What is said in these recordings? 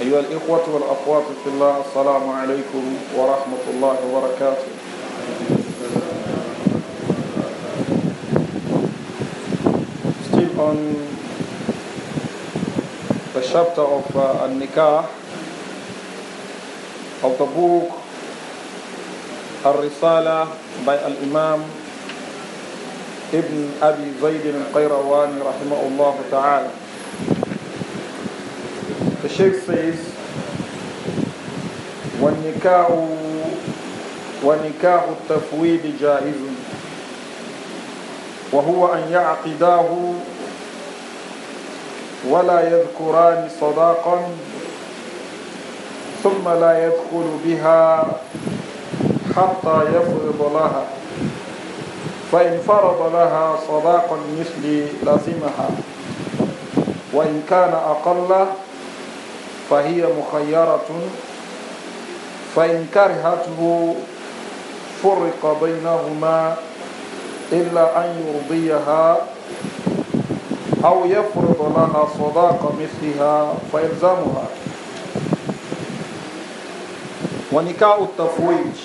أيها الإخوة والأخوات في الله السلام عليكم ورحمة الله وبركاته Still on the chapter of uh, An-Nikah of the book الرسالة by الإمام ابن أبي زيد القيرواني رحمه الله تعالى الشيخ says والنكاح ونكاح التفويض جائز وهو أن يعقداه ولا يذكران صداقا ثم لا يدخل بها حتى يفرض لها فإن فرض لها صداقا مثلي لازمها وإن كان أقل فهي مخيرة فإن كرهته فرق بينهما إلا أن يرضيها أو يفرض لها صداق مثلها فيلزمها ونكاء التفويج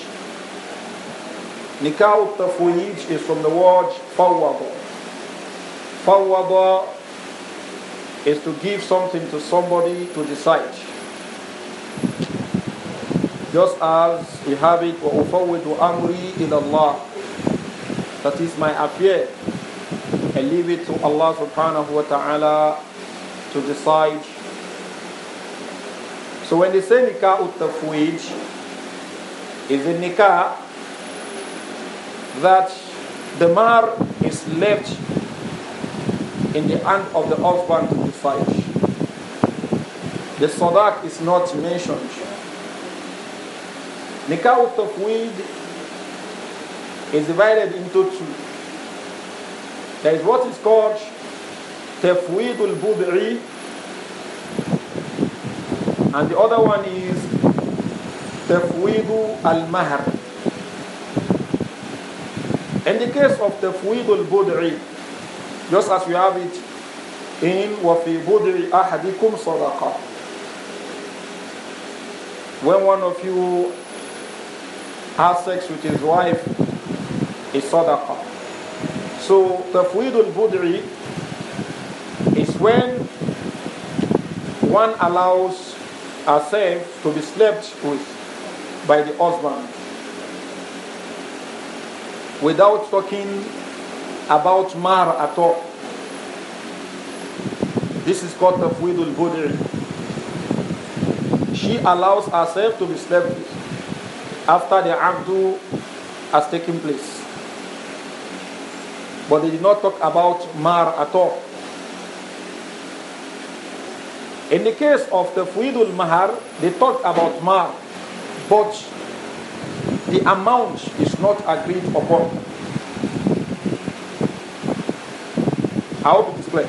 نكاء التفويج is from the word فوض فوض is to give something to somebody to decide. Just as we have it, do أَمْرِي in Allah, That is my affair. I leave it to Allah subhanahu wa ta'ala to decide. So when they say nikah utafwid, is a nikah that the mar is left in the hand of the husband to decide. The sadaq is not mentioned. Nikah weed is divided into two. There is what is called tafwid al-bud'i and the other one is tafwid al-mahr. In the case of tafwid al-bud'i, just as we have it in وَفِي بُدْرِ أَحَدِكُمْ صَدَقَةً When one of you has sex with his wife, is sadaqah. So tafwidul budri is when one allows herself to be slept with by the husband without talking about Mar at all. This is called the Tafwidul Budri. She allows herself to be slept with after the Abdu has taken place. But they did not talk about Mar at all. In the case of the Fuidul Mahar, they talked about Mar, but the amount is not agreed upon. How to display?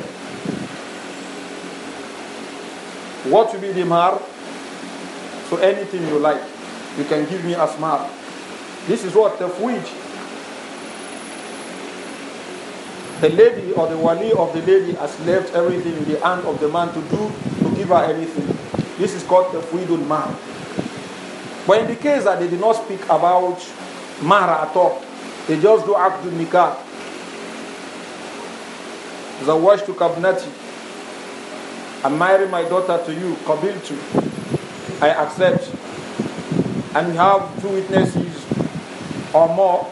What will be the mar? So anything you like, you can give me a mark. This is what the which the lady or the wali of the lady has left everything in the hand of the man to do to give her anything. This is called the freedom man. But in the case that they did not speak about mara at all, they just do abdul nikah to ابنتي I marry my daughter to you Kabiltu. I accept and we have two witnesses or more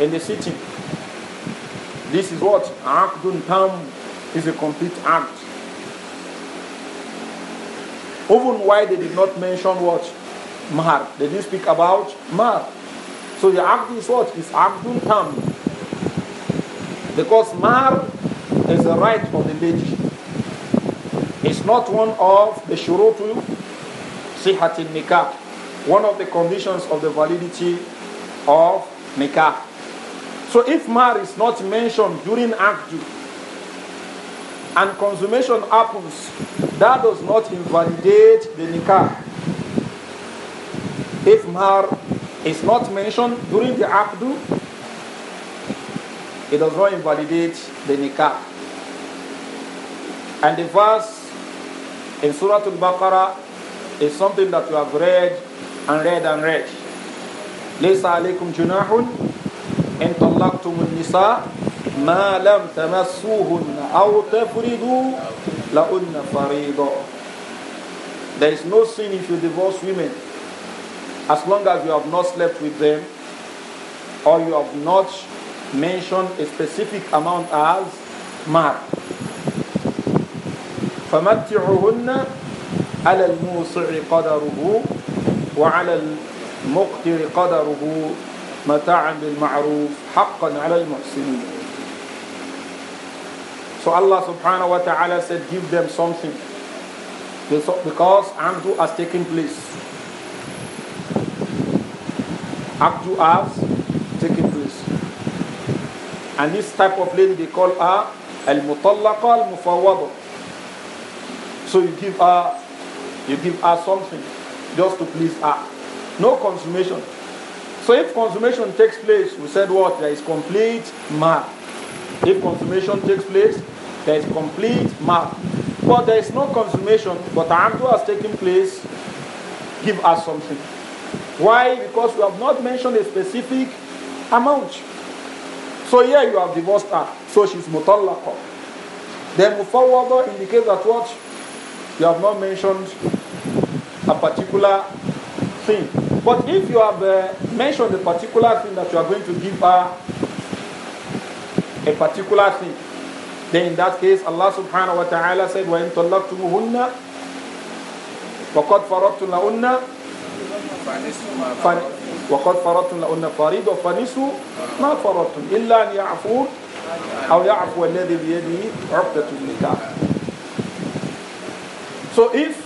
in the city this is what Akdun Tam is a complete act even why they did not mention what mahar they didn't speak about mahar so the act is what is abdul tam because mahar is a right of the lady. It's not one of the shurutu sihatin nikah, one of the conditions of the validity of nikah. So if mar is not mentioned during akdu and consummation happens, that does not invalidate the nikah. If mar is not mentioned during the akdu, it does not invalidate the nikah. And the verse in Surah Al-Baqarah is something that you have read and read and read. ليس عليكم جناح إن طلقتم النساء ما لم تمسوهن أو تفرضوا لهن فريضة There is no sin if you divorce women as long as you have not slept with them or you have not mentioned a specific amount as married. فمتعهن على الموسع قدره وعلى المقتر قدره متاعا بالمعروف حقا على المحسنين So Allah subhanahu wa ta'ala said give them something because Amdu has taken place. Abdu has taken place. And this type of lady they call her al-mutallaqa al mufawwadah So you give her, you give her something just to please her. No consummation. So if consummation takes place, we said what? There is complete mark. If consummation takes place, there is complete mark. But there is no consummation, but Amdu has taken place, give us something. Why? Because we have not mentioned a specific amount. So here you have divorced her, so she's mutallaqa. Then mufawwada indicates that what? You have not mentioned a particular thing. But if you have uh, mentioned a particular thing that you are going to give her a particular thing, then in that case, Allah subhanahu wa ta'ala said, وَإِن طَلَّقْتُمُهُنَّ وَقَدْ فَرَضْتُمْ لَهُنَّ وقد فرضتم لهن فريضة فنسوا ما فرضتم إلا أن يعفون أو يعفو الذي بيده عقدة النكاح so if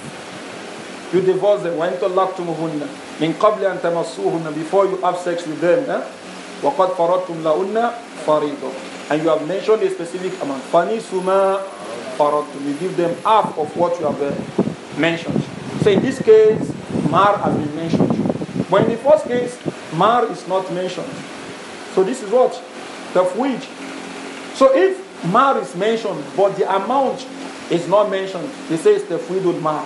you divorce them, وَإِن طَلَّقْتُمُهُنَّ مِنْ قَبْلِ أَن تَمَسُّوهُنَّ Before you have sex with them, eh? وَقَدْ فَرَضْتُمْ لَهُنَّ فَرِيضًا And you have mentioned a specific amount. فَنِسُ مَا فَرَضْتُمْ You give them half of what you have eh, mentioned. So in this case, Mar has been mentioned. But in the first case, Mar is not mentioned. So this is what? The which. So if Mar is mentioned, but the amount is not mentioned, they say it's tafwidul mal.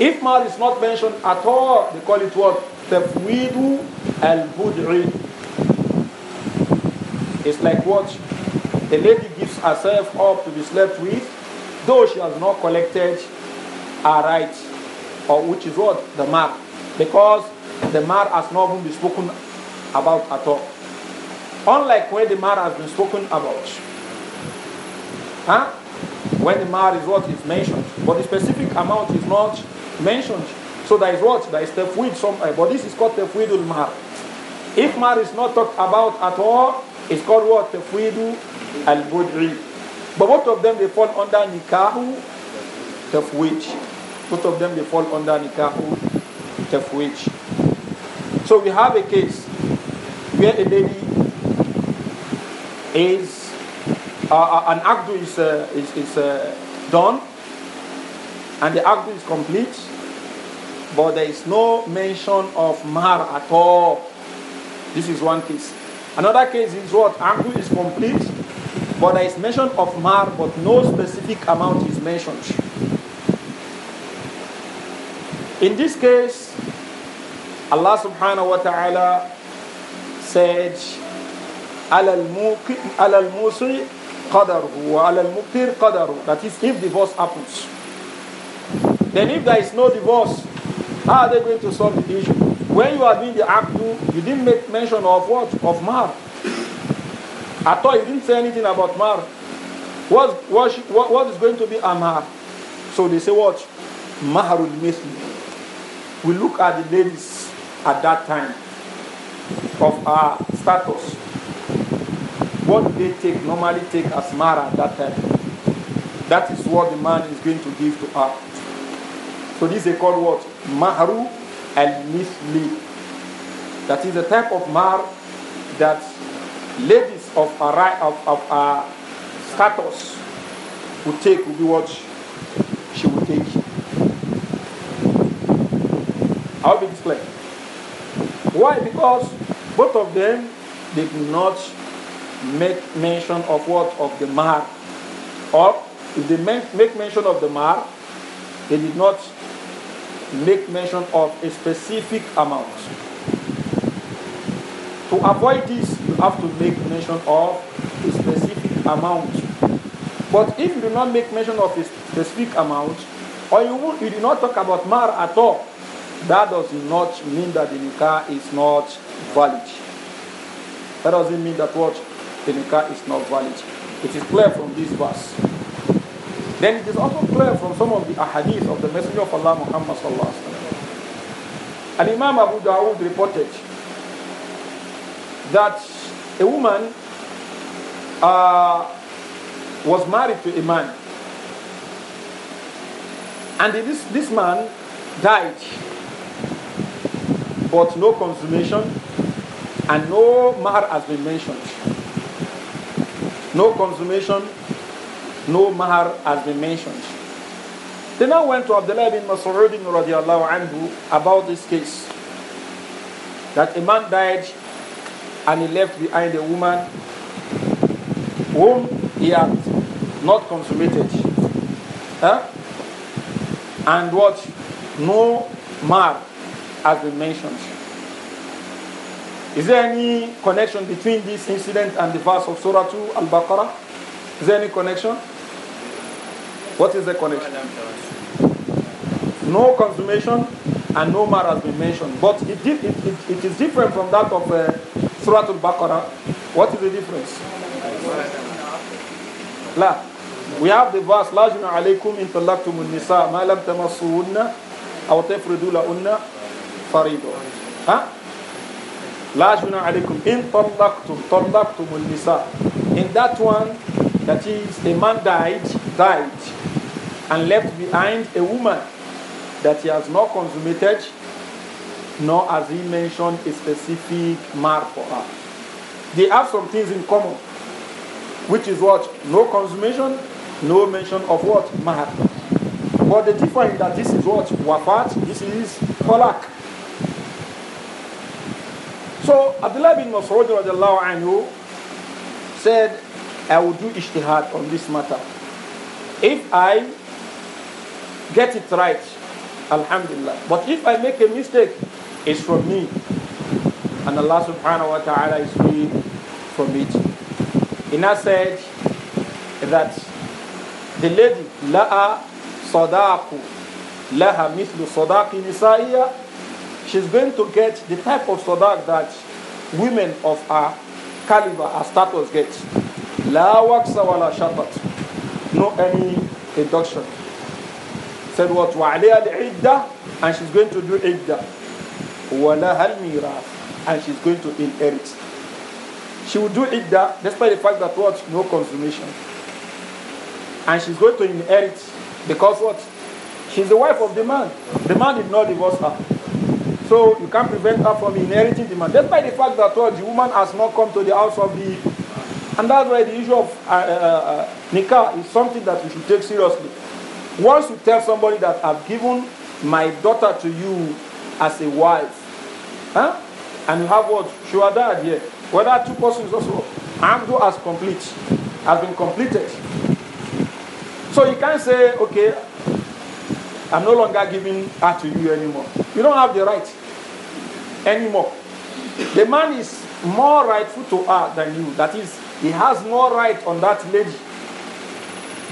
If mal is not mentioned at all, they call it what? the Tafwidu el budri. It's like what? A lady gives herself up to be slept with, though she has not collected her right, or which is what? The mark. Because the mark has not been spoken about at all. Unlike where the mark has been spoken about. Huh? When the mar is what is mentioned, but the specific amount is not mentioned. So there is what? There is tafwid uh, but this is called tafwidul mar. If mar is not talked about at all, it's called what? Tafwidu al-budri. But both of them, they fall under nikahu tafwid. Both of them, they fall under nikahu tafwid. So we have a case where a lady is uh, uh, an akdu is, uh, is, is uh, done and the akdu is complete, but there is no mention of mar at all. This is one case. Another case is what? Akdu is complete, but there is mention of mar, but no specific amount is mentioned. In this case, Allah subhanahu wa ta'ala said, على الموسع قَدَرُهُ وَعَلَى الْمُقْتِرِ قَدَرُهُ That is, if divorce happens. Then if there is no divorce, how are they going to solve the issue? When you are doing the act, you didn't make mention of what? Of mar. I thought you didn't say anything about mar. What, what, what, what is going to be amar? So they say what? Maharul Misli. We look at the ladies at that time of our status. What they take normally take as mara at that time? That is what the man is going to give to her. So this is called what? maharu al-Mithli. misli. is the type of mar that ladies of our, of, of status would take, would be what she would take. I'll be explained. Why? Because both of them did not make mention of what? Of the mar. Or if they make mention of the mar, they did not make mention of a specific amount. To avoid this, you have to make mention of a specific amount. But if you do not make mention of a specific amount, or you, you do not talk about mar at all, that does not mean that the nikah is not valid. That doesn't mean that what the nikah is not valid. It is clear from this verse. Then it is also clear from some of the ahadith of the Messenger of Allah Muhammad sallallahu alaihi wasallam. An Imam Abu Dawud reported that a woman uh, was married to a man, and this this man died, but no consummation and no mar has been mentioned. No consummation, no mahar has been mentioned. They now went to Abdullah bin Mas'ud radiallahu anhu about this case. That a man died and he left behind a woman whom he had not consummated. Huh? And what? No mar has been mentioned. Is there any connection between this incident and the verse of Surah 2 Al Baqarah? Is there any connection? What is the connection? No consummation and no mar has been mentioned. But it, it, it, it is different from that of uh, Surah Al Baqarah. What is the difference? La. We have the verse, La juna alaykum in talaqtumun nisa Malam lam Unna, aw Unna, farido. Huh? La juna alaykum in tallaqtum tallaqtum nisa. In that one, that is a man died, died, and left behind a woman that he has not consummated, nor has he mentioned a specific mark for her. They have some things in common, which is what? No consummation, no mention of what? mark. But the difference is that this is what? Wafat, this is Kolak. So Abdullah bin Mas'ud anhu said, I will do ishtihad on this matter. If I get it right, alhamdulillah. But if I make a mistake, it's from me. And Allah subhanahu wa ta'ala is free from it. Ina said that the lady, la'a صداق لها مثل صداق نسائها she's going to get the type of sadaq that women of her caliber, her status get. La waqsa wa No any induction. Said what? وَعَلَيْهَا الْعِدَّةِ And she's going to do iddah. وَلَهَا الْمِيرَاثِ And she's going to inherit. She will do iddah despite the fact that what? No consummation. And she's going to inherit because what? She's the wife of the man. The man did not divorce her. So you can't prevent her from inheriting the man. Despite the fact that well, the woman has not come to the house of the. And that's why the issue of uh, uh, uh nikah is something that we should take seriously. Once you tell somebody that I've given my daughter to you as a wife, huh? and you have what? Shuhadad here. Whether two persons also. Amdu has complete, has been completed. So you can't say, okay, I'm no longer giving her to you anymore. You don't have the right anymore. The man is more rightful to her than you. That is, he has more right on that lady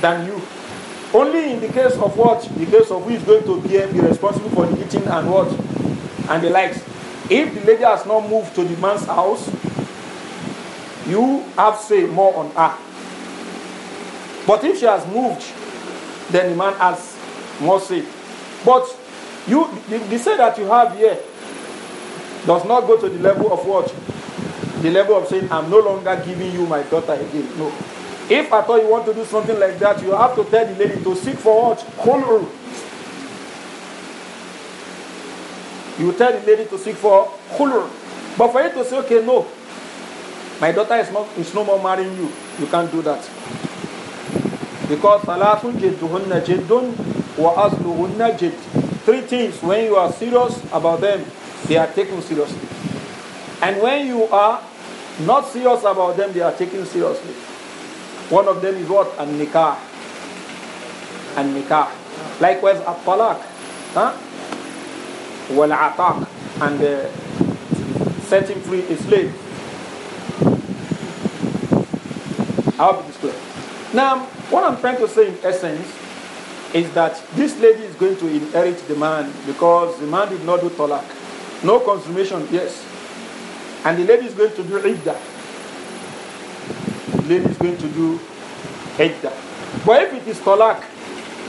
than you. Only in the case of what? The case of who is going to be, be responsible for the eating and what? And the likes. If the lady has not moved to the man's house, you have say more on her. But if she has moved, then the man has mercy. But you, the, the say that you have here does not go to the level of what? The level of saying, I'm no longer giving you my daughter again. No. If at all you want to do something like that, you have to tell the lady to seek for what? Khul'u. You tell the lady to seek for khul'u. But for you to say, okay, no, my daughter is, not, is no more marrying you, you can't do that. Because salatun jidduhunna jiddun وَأَصْلُهُنَّ it. Three things, when you are serious about them, they are taken seriously. And when you are not serious about them, they are taken seriously. One of them is what? An nikah. An nikah. Likewise, a talaq. Huh? Wal ataq. And uh, setting free a slave. I hope it is clear. Now, what I'm trying to say in essence is that this lady is going to inherit the man because the man did not do talak. No consummation, yes. And the lady is going to do idda. The lady is going to do idda. But if it is talak,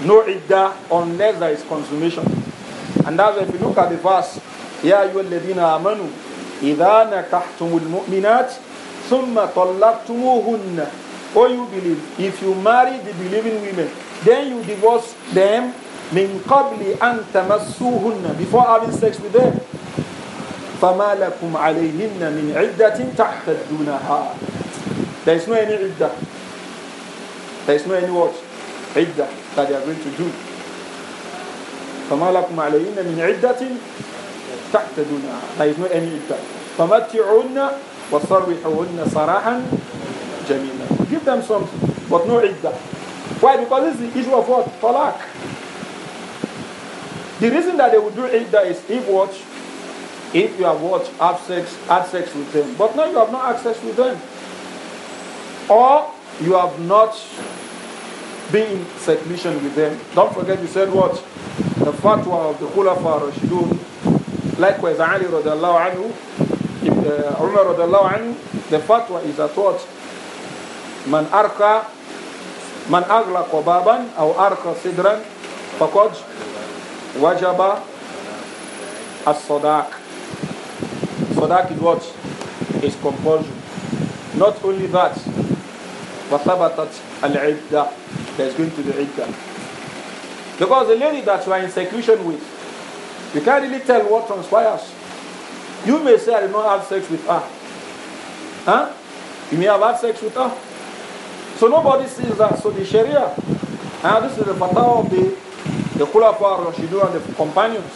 no idda unless there is consummation. And that's if you look at the verse, يا أيها الذين آمنوا إذا minat summa ثم طلقتموهن or you believe if you marry the believing women then you divorce them min qabli an tamassuhunna before having sex with them. فَمَا لَكُمْ عَلَيْهِنَّ مِنْ There is no any iddah. There is no any what? Iddah that they are going to do. فما لكم عليهن من عدة تعتدونها لا يزنو أن فمتعون صراحا جميلا give them something but no عدة why? Because this is the issue of what? lack. The reason that they would do idda is if watch, If you have watched, Have sex, had sex with them. But now you have not access with them. Or you have not been in submission with them. Don't forget you said what? The fatwa of the Khulafa Rashidun. Likewise, Ali radiallahu anhu, if, uh, Umar radiallahu anhu, the fatwa is that what? Man arka من أغلق بابا أو أرقى صدرا فقد وجب الصداق صداق is what? Is compulsion. Not only that, وثبتت العدة There's going to be عدة. Because the lady that you are in seclusion with, you can't really tell what transpires. You may say, I did not have sex with her. Huh? You may have had sex with her. So nobody sees that. So the Sharia, and ah, this is the fatwa of the, the Khulafa Rashidu and the companions,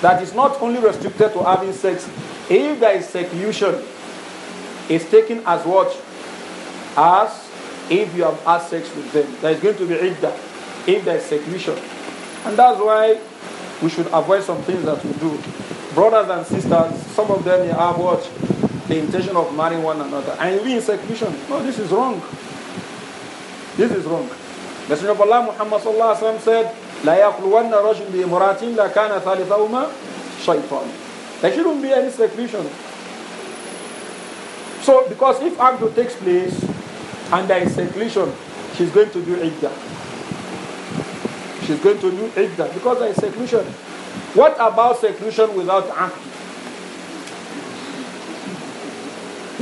that is not only restricted to having sex. If there is seclusion, it's taken as what? As if you have had sex with them. There is going to be idda if there is seclusion. And that's why we should avoid some things that we do. Brothers and sisters, some of them have what? the intention of marrying one another and we in seclusion. No, this is wrong. This is wrong. Messenger of Allah Muhammad said, "La yaqluwanna rajul bi imratin la kana thalithahuma There shouldn't be any seclusion. So, because if abdul takes place and there is seclusion, she's going to do iddah. She's going to do iddah because there is seclusion. What about seclusion without abdul?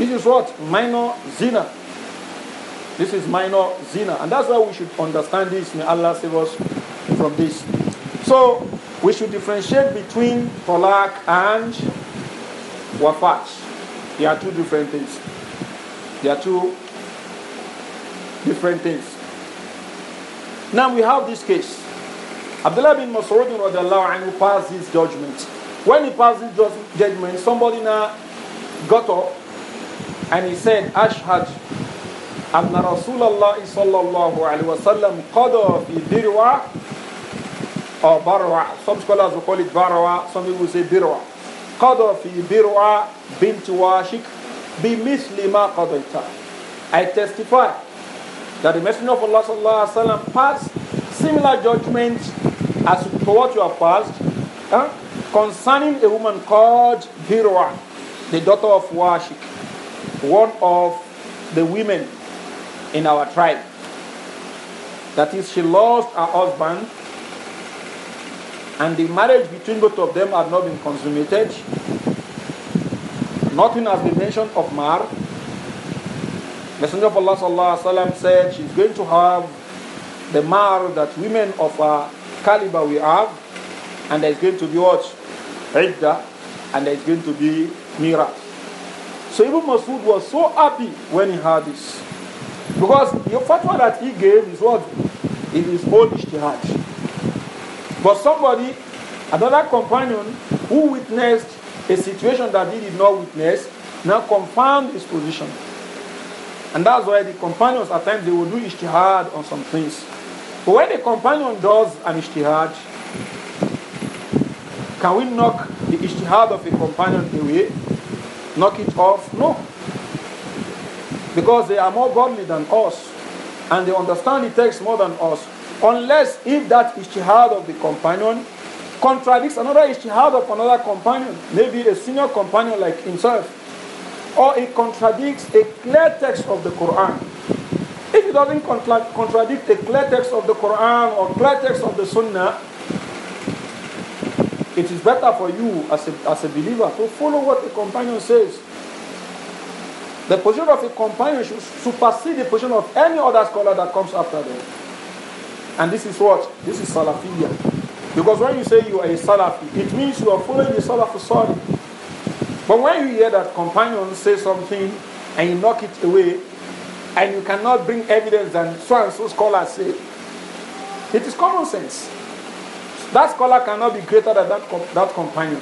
This is what? Minor zina. This is minor zina. And that's why we should understand this. May Allah save us from this. So we should differentiate between talaq and wafat. They are two different things. They are two different things. Now we have this case. Abdullah bin and he passed his judgment. When he passed his judgment, somebody now got up and he said, Ashhad anna Rasulullah sallallahu alayhi wa sallam qada fi dirwa or barwa. Some scholars will call it barwa, some people will say dirwa. Qada fi dirwa bint washik bimithli ma qadaita. I testify that the Messenger of Allah sallallahu alayhi wa sallam passed similar judgments as to what you have passed huh? concerning a woman called Dirwa, the daughter of Washik one of the women in our tribe. That is, she lost her husband, and the marriage between both of them had not been consummated. Nothing has been mentioned of Mar. Messenger of Allah sallallahu alaihi wasallam said she's going to have the Mar that women of her caliber will have, and there's going to be what? Idda, and there's going to be Mirat. So Ibn Masud was so happy when he heard this. Because the fatwa that he gave is what? It is own ijtihad. But somebody, another companion, who witnessed a situation that he did not witness, now confirmed his position. And that's why the companions at times they will do ijtihad on some things. But when a companion does an ijtihad, can we knock the ijtihad of a companion away? knock it off? No. Because they are more godly than us and they understand the text more than us. Unless if that ishtihad of the companion contradicts another ishtihad of another companion, maybe a senior companion like himself, or it contradicts a clear text of the Quran. If it doesn't contradict a clear text of the Quran or clear text of the Sunnah, it is better for you as a, as a believer to follow what the companion says. The position of a companion should supersede the position of any other scholar that comes after them. And this is what? This is Salafiyah. Because when you say you are a Salafi, it means you are following the Salafi Salih. But when you hear that companion say something and you knock it away, and you cannot bring evidence and so and so scholars say, it is common sense. That scholar cannot be greater than that, com- that companion.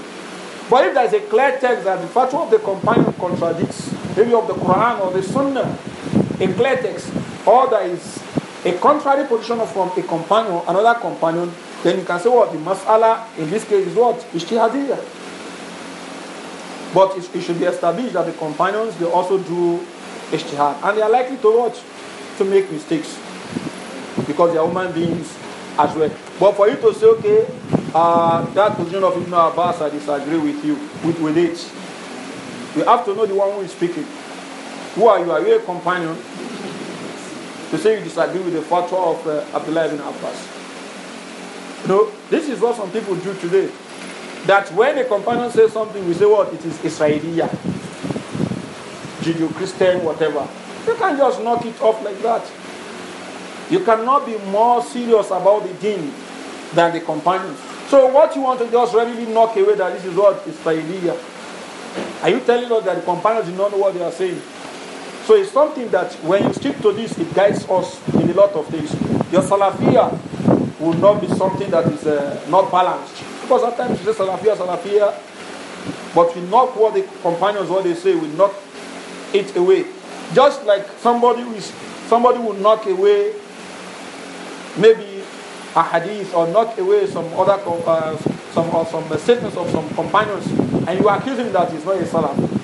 But if there is a clear text that the fatwa of the companion contradicts, maybe of the Quran or the Sunnah, a clear text, or there is a contrary position from a companion, another companion, then you can say what well, the mas'ala in this case is what? Ishtihadiyya. But it, it, should be established that the companions, they also do ishtihad. And they are likely to what? To make mistakes. Because they are human beings as well. But for you to say, okay, uh, that position of Ibn Abbas, I disagree with you, with, with it. You have to know the one who is speaking. Who are you? Are you a companion? To say you disagree with the fatwa of uh, Abdullah ibn Abbas. No, this is what some people do today. That when a companion says something, we say, what? It is Israelia, Judeo Christian, whatever. You can just knock it off like that. You cannot be more serious about the deen than the companions. So what you want to just readily knock away that this is what is Israeliyah. Are you telling us that the companions do not know what they are saying? So it's something that when you stick to this, it guides us in a lot of things. Your Salafia will not be something that is uh, not balanced. Because at times you say Salafia, Salafia, but we knock what the companions, what they say, we knock it away. Just like somebody, is, somebody will knock away maybe a hadith or knock away some other uh, some or some statements of some companions, and you accuse him that he's not a salam.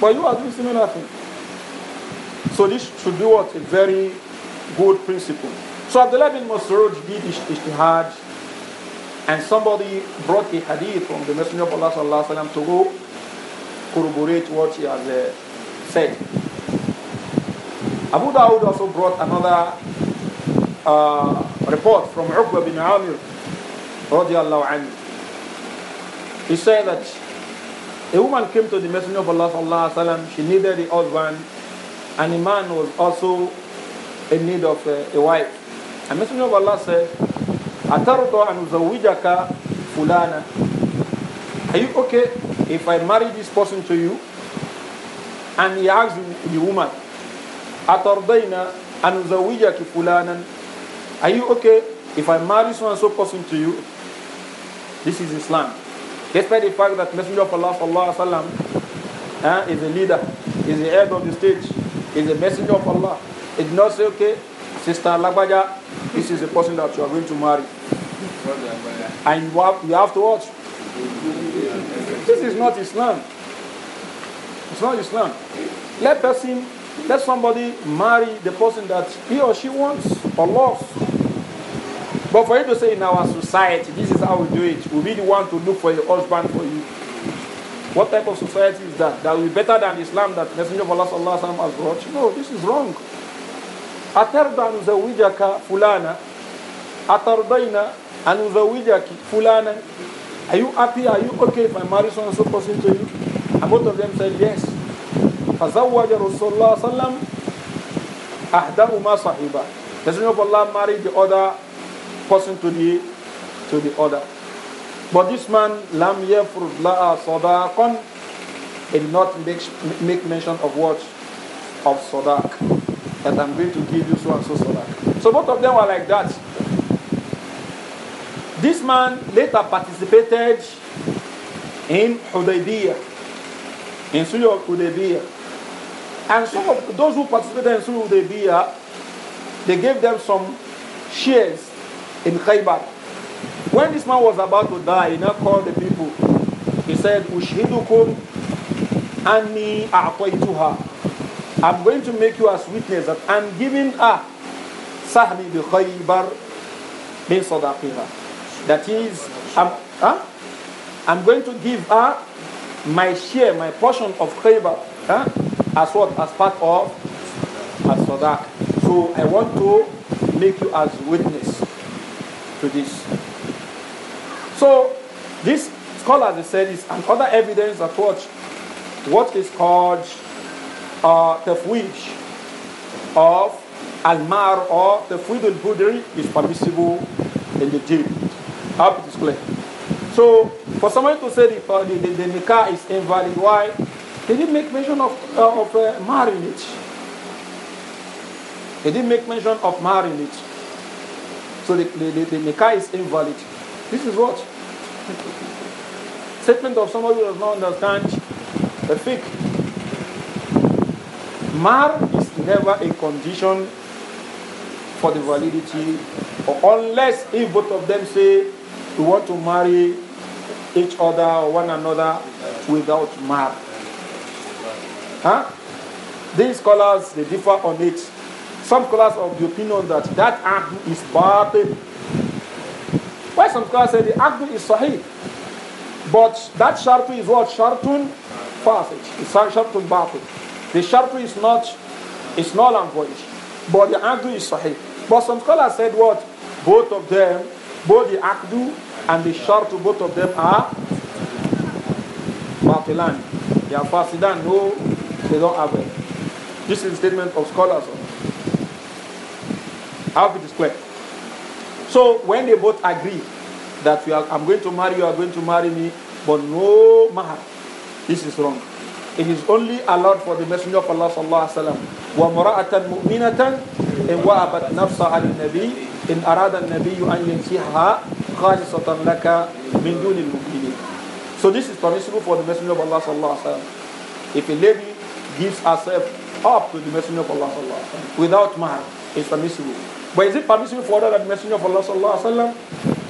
But you are doing similar thing. So this should be what a very good principle. So Abdullah bin Masrud did ijtihad, and somebody brought a hadith from the Messenger of Allah sallallahu alaihi wasallam to go corroborate what he has uh, said. Abu Dawud also brought another uh, report from Uqba bin Amir radiallahu anhu. He said that a woman came to the Messenger of Allah sallallahu alaihi wasallam. She needed a husband, and a man was also in need of a, a wife. And Messenger of Allah said, "Ataruto anuzawijaka fulana." Are you okay if I marry this person to you? And he asked the woman, "Atardaina anuzawijaki fulana. Are you okay if I marry so and so person to you? This is Islam. Despite the fact that Messenger of Allah sallallahu Sallam, eh, is a leader, is the head of the stage, is a messenger of Allah. It does not say, okay, Sister Lagbaja, this is the person that you are going to marry. and you have, you have to watch. This is not Islam. It's not Islam. Let person let somebody marry the person that he or she wants or loves. But for you to say in our society, this is how we do it, we'll be the one to look for a husband for you. What type of society is that? That will be better than Islam that Messenger of Allah sallallahu has brought? No, this is wrong. أترضى أن أزوجك فلانا أترضين أن أزوجك فلانا Are you happy? Are you okay if I marry so and so person to you? And both of them said yes. فزوج رسول الله صلى الله أحدهما صاحبا Messenger of Allah married the other person to the to the other. But this man, Lam Yafrud La'a Sadaqan, he did not make, make mention of what? Of Sodak That I'm going to give you so and so Sodak. So both of them were like that. This man later participated in Hudaybiyah, in Surah Hudaybiyah. And some of those who participated in the beer, they gave them some shares in Khaybar. When this man was about to die, he now called the people. He said, Ushidukum anni a'taytuha. I'm going to make you as witness that I'm giving her sahmi bi khaybar bin sadaqiha. That is, I'm, huh? I'm going to give her my share, my portion of khaybar. Huh? as what? As part of as sadaq. So I want to make you as witness to this. So this scholar, they said is another evidence of what what is called uh, tafwij of al-mar or tafwid al-budri is permissible in the deal. Up display. So for someone to say the, the, the, the nikah is invalid, why? He didn't make mention of, uh, of uh, marriage. He didn't make mention of marriage. So the, the, the, the Nikah is invalid. This is what? Statement of somebody who does not understand the fig. Mar is never a condition for the validity, unless if both of them say we want to marry each other or one another without mar. Huh? These scholars, they differ on it. Some scholars of the opinion that that akdu is batil. Why some scholars say the akdu is sahih. But that shartu is what? Shartun fasid. It's shartun batil. The shartu is not, it's not and But the akdu is sahih. But some scholars said what? Both of them, both the akdu and the shartu, both of them are batilan. They are fasidan. No they don't have it. This is statement of scholars. How it is square. So when they both agree that are, I'm going to marry you, are going to marry me, but no mahar, this is wrong. It is only allowed for the Messenger of Allah sallallahu alaihi wasallam. إِنْ نَفْسَهَا لِلنَّبِيِّ إن أراد النبي أن ينكحها خالصة لك من دون المؤمنين. So this is permissible for the Messenger of Allah الله عليه وسلم. If a lady gives herself up to the messenger of Allah without marriage is permissible. But is it permissible for the messenger of Allah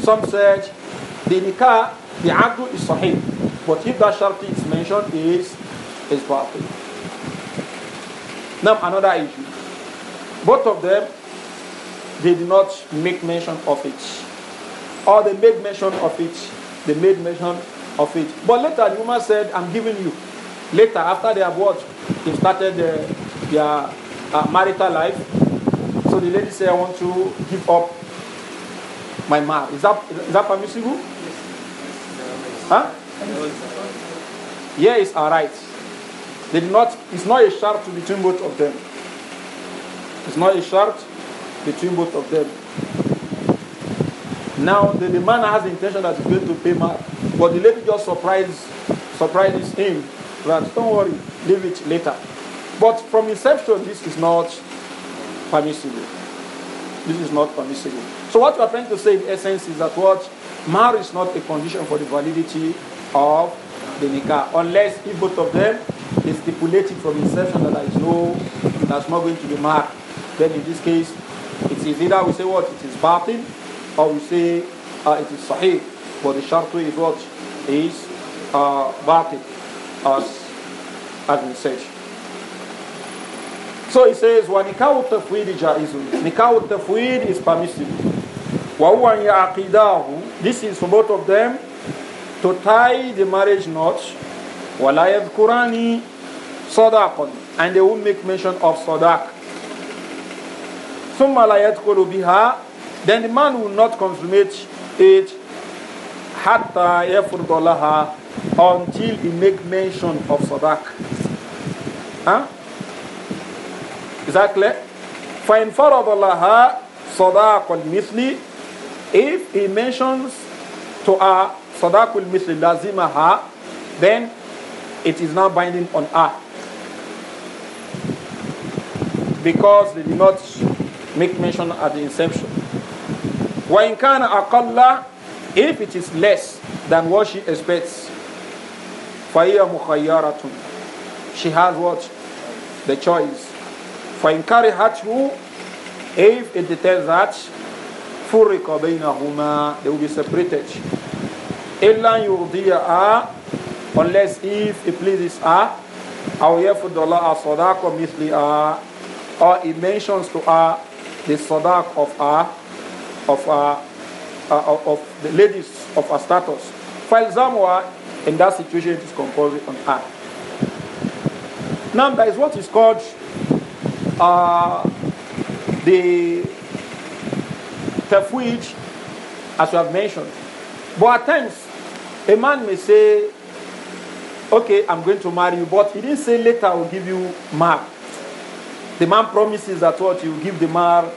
Some said the nikah, the aqdu is sahih, but if that sharti is mentioned, is is batil. Now another issue. Both of them, they did not make mention of it, or they made mention of it. They made mention of it. But later the woman said, "I'm giving you." Later, after they have watched." They started uh, their uh, marital life. So the lady said, I want to give up my marriage. Is that, is that permissible? Yes. Huh? Yes. Yeah, it's alright. They did not, it's not a shart between both of them. It's not a shart between both of them. Now the, the man has the intention that he's going to pay mark, but the lady just surprise, surprises him that. Don't worry, leave it later. But from inception, this is not permissible. This is not permissible. So what we are trying to say in essence is that what marriage is not a condition for the validity of the nikah, unless if both of them is stipulated from inception that there is no, that's not going to be married. Then in this case, it is either we say what it is batin, or we say uh, it is sahih. But the shart is what is uh, batin us advantage. So he says, وَنِكَاءُ التَّفْوِيدِ جَائِزٌ Nikah tafwid is permissible. وَهُوَ يَعْقِدَاهُ This is for both of them to tie the marriage knot. وَلَا يَذْكُرَانِ صَدَاقًا And they will make mention of sadaq. ثُمَّ لَا يَدْخُلُ Then the man will not consummate it Hatta يَفْرُضَ لَهَا until he make mention of Sadak. Huh? Is that clear? فَإِنْ فَرَضَ لَهَا صَدَاقُ الْمِثْلِ If he mentions to her صَدَاقُ الْمِثْلِ لَازِمَهَا then it is now binding on her. Because they did not make mention at the inception. وَإِنْ كَانَ أَقَلَّ If it is less than what she expects, فَهِيَ مُخَيَّرَةٌ She has what? The choice. فَإِنْ كَرِهَتْهُ If it detects that, فُرِّقَ بَيْنَهُمَا They will be separated. إِلَّا a, Unless if it pleases her, أَوْ يَفُدَّ لَهَا صَدَاقَ مِثْلِهَا Or he mentions to her the sadaq of her, of her, uh, of the ladies of her status. For example, in that situation, it is compulsory on her. Now, there is what is called uh, the tafwid, as you have mentioned. But at times, a man may say, Okay, I'm going to marry you, but he didn't say later I will give you mar. The man promises that what you give the mar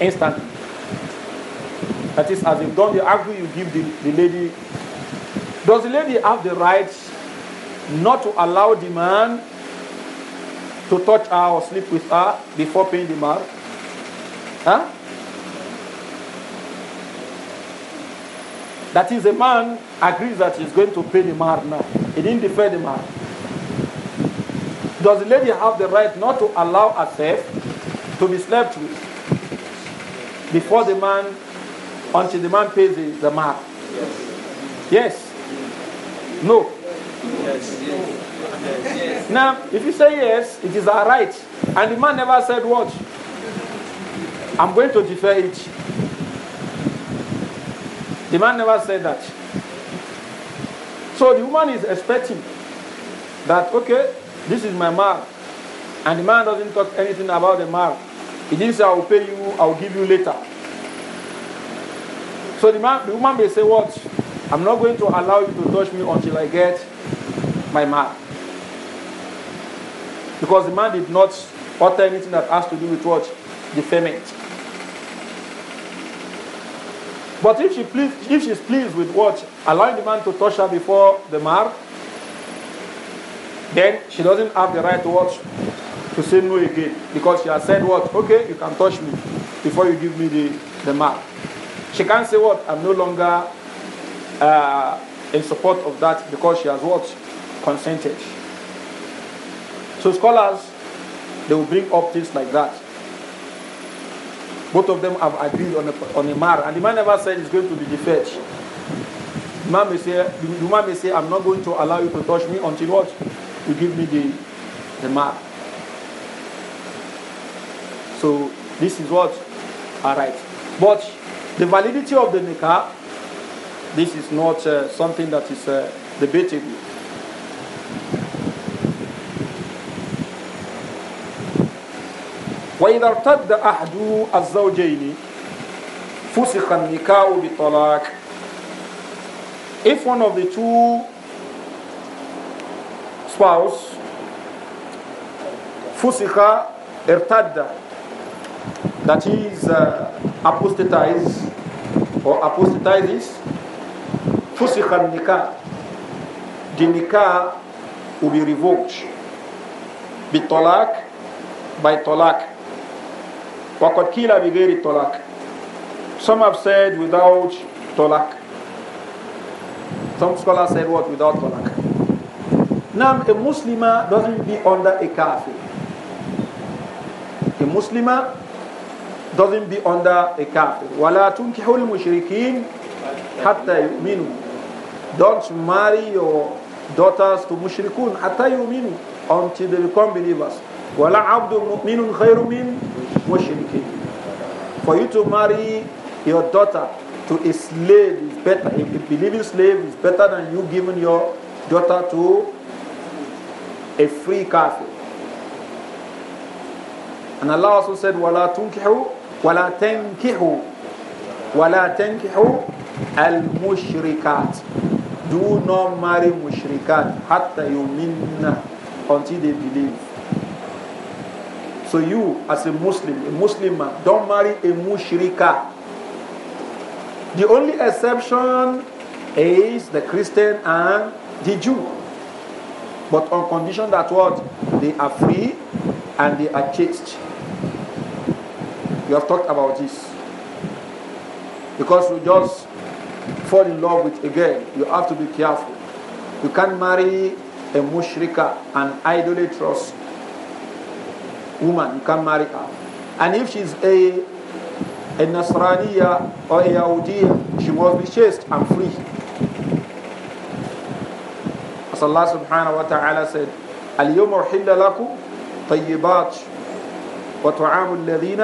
instantly. That is, as you've done the agree you give the, the lady does the lady have the right not to allow the man to touch her or sleep with her before paying the mark? Huh? That is, a man agrees that he's going to pay the mark now. He didn't defer the mark. Does the lady have the right not to allow herself to be slept with before the man, until the man pays the, the Yes. yes. No. Yes. Yes. Now, if you say yes, it is our right. And the man never said what? I'm going to defer it. The man never said that. So the woman is expecting that, okay, this is my mark. And the man doesn't talk anything about the mark. He didn't say, I will pay you, I will give you later. So the, man, the woman may say, what? I'm not going to allow you to touch me until I get my mark. Because the man did not utter anything that has to do with what? Deferment. But if she please, if she's pleased with what allowing the man to touch her before the mark, then she doesn't have the right to to say no again because she has said what okay you can touch me before you give me the, the mark. She can't say what I'm no longer uh, in support of that because she has what? Consented. So scholars, they will bring up things like that. Both of them have agreed on a, on a mar, and the man never said it's going to be deferred. The man may say, the, the man may say, I'm not going to allow you to touch me until what? You give me the, the mar. So this is what? Alright. But the validity of the nikah this is not uh, something that is uh, debatable. وإذا ارتد أحد الزوجين فسخ النكاح بالطلاق, If one of the two spouse فسخ ارتد that is uh, apostatized or apostatizes fusikha nikah, the nikah will be revoked. Bi talaq, by Some have said without talaq. Some scholars said what? Without talaq. Now, a Muslimah doesn't be under a kafir. A Muslimah doesn't be under a kafir. وَلَا تنكحوا الْمُشْرِكِينَ حَتَّى يُؤْمِنُوا don't marry your daughters to mushrikun hatta yuminu until they become believers. وَلَا عَبْدٌ مُؤْمِنٌ خَيْرٌ مِنْ مُشْرِكٍ For you to marry your daughter to a slave is better. A, believing slave is better than you giving your daughter to a free kafir. And Allah also said, وَلَا تُنْكِحُوا وَلَا تَنْكِحُوا وَلَا al الْمُشْرِكَاتِ do not marry mushrikan hatta yuminna until they believe. So you as a Muslim, a Muslim man, don't marry a mushrika. The only exception is the Christian and the Jew. But on condition that what? They are free and they are chaste. We have talked about this. Because we just fall in love with a girl, you have to be careful. You can't marry a mushrika, an idolatrous woman. You can't marry her. And if she's a, a Nasraniya or a Yahudiya, she must be chaste and free. As Allah subhanahu wa ta'ala said, اليوم أحل لكم طيبات وطعام الذين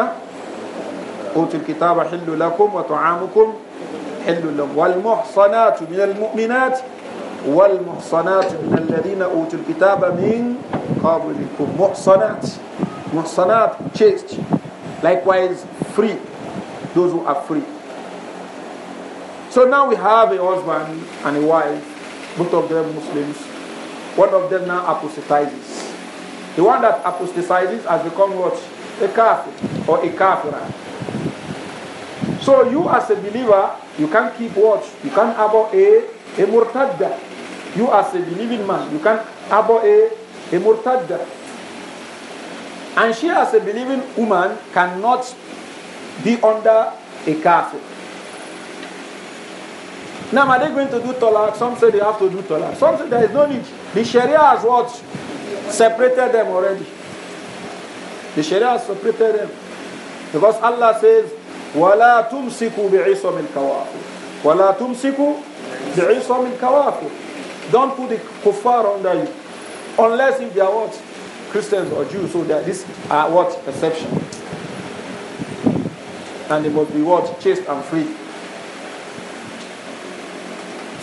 أوتوا الكتاب حل لكم وطعامكم حل لهم والمحصنات من المؤمنات والمحصنات من الذين أوتوا الكتاب من قبلكم محصنات محصنات chaste likewise free those who are free so now we have a husband and a wife both of them Muslims one of them now apostatizes the one that apostatizes has become what a kafir or a kafirah so you as a believer, you can't keep watch. You can't abhor a, a murtadda. You as a believing man, you can't abhor a, a murtadda. And she as a believing woman cannot be under a kafir. Now, are they going to do talak? Some say they have to do talak. Some say there is no need. The Sharia has what? Separated them already. The Sharia has separated them. Because Allah says, ولا تمسكوا بعصم الكوافر ولا تمسكوا بعصم الكوافر don't put the kuffar under you unless if they are what Christians or Jews so that this are what exception and they must be what chaste and free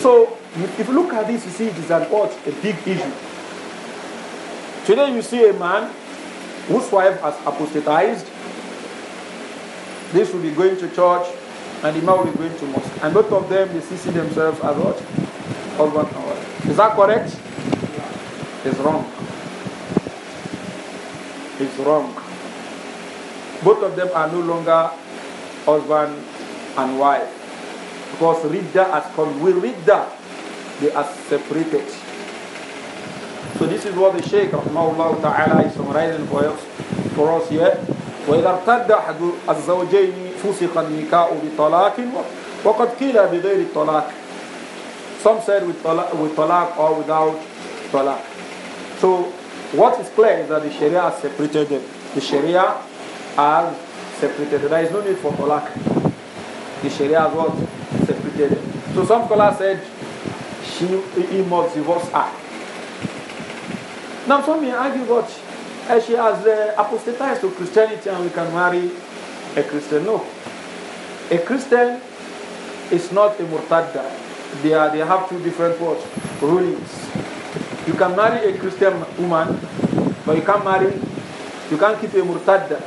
so if you look at this you see it is an what a big issue today you see a man whose wife has apostatized this will be going to church, and the man will be going to mosque. And both of them, they see themselves as what? Husband and wife. Is that correct? It's wrong. It's wrong. Both of them are no longer husband and wife. Because Ridda has come. We read that they are separated. So this is what the Shaykh of Ta'ala is summarizing for us, for us here. وإذا ارتد أحد الزوجين النكاء بطلاق وقد قيل بغير الطلاق Some said with talaq, with or without talaq. So what is clear is that the Sharia separated them. The Sharia has separated There is no need for talaq. The Sharia has what? Separated them. So some scholars said she, he must divorce her. Now some may argue what and she has uh, apostatized to Christianity and we can marry a Christian. No. A Christian is not a murtadda. They, are, they have two different words, rulings. You can marry a Christian woman, but you can't marry, you can't keep a murtadda.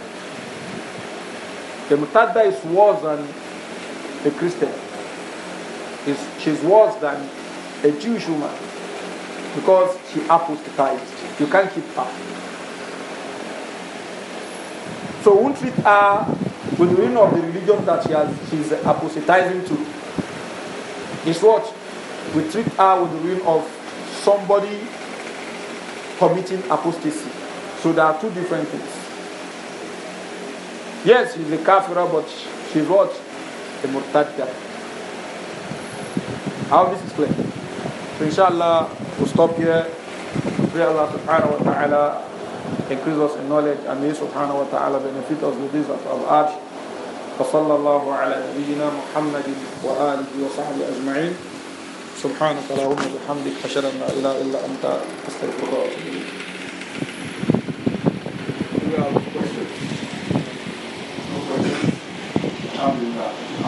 A murtadda is worse than a Christian. It's, she's worse than a Jewish woman because she apostatized. You can't keep her. So won't treat her uh, with the meaning of the religion that she has, she's apostatizing to. It's what? We treat her with the meaning of somebody committing apostasy. So there are two different things. Yes, she's a kafira, but she's what? A murtadda. How this is clear. So inshallah, we'll stop here. Pray Allah subhanahu wa ta'ala increase us in knowledge, and may subhanahu wa ta'ala benefit us with this of our age. فصلى الله على نبينا محمد وآله وصحبه أجمعين سبحانك اللهم وبحمدك أشهد أن لا إله إلا أنت أستغفرك وأتوب إليك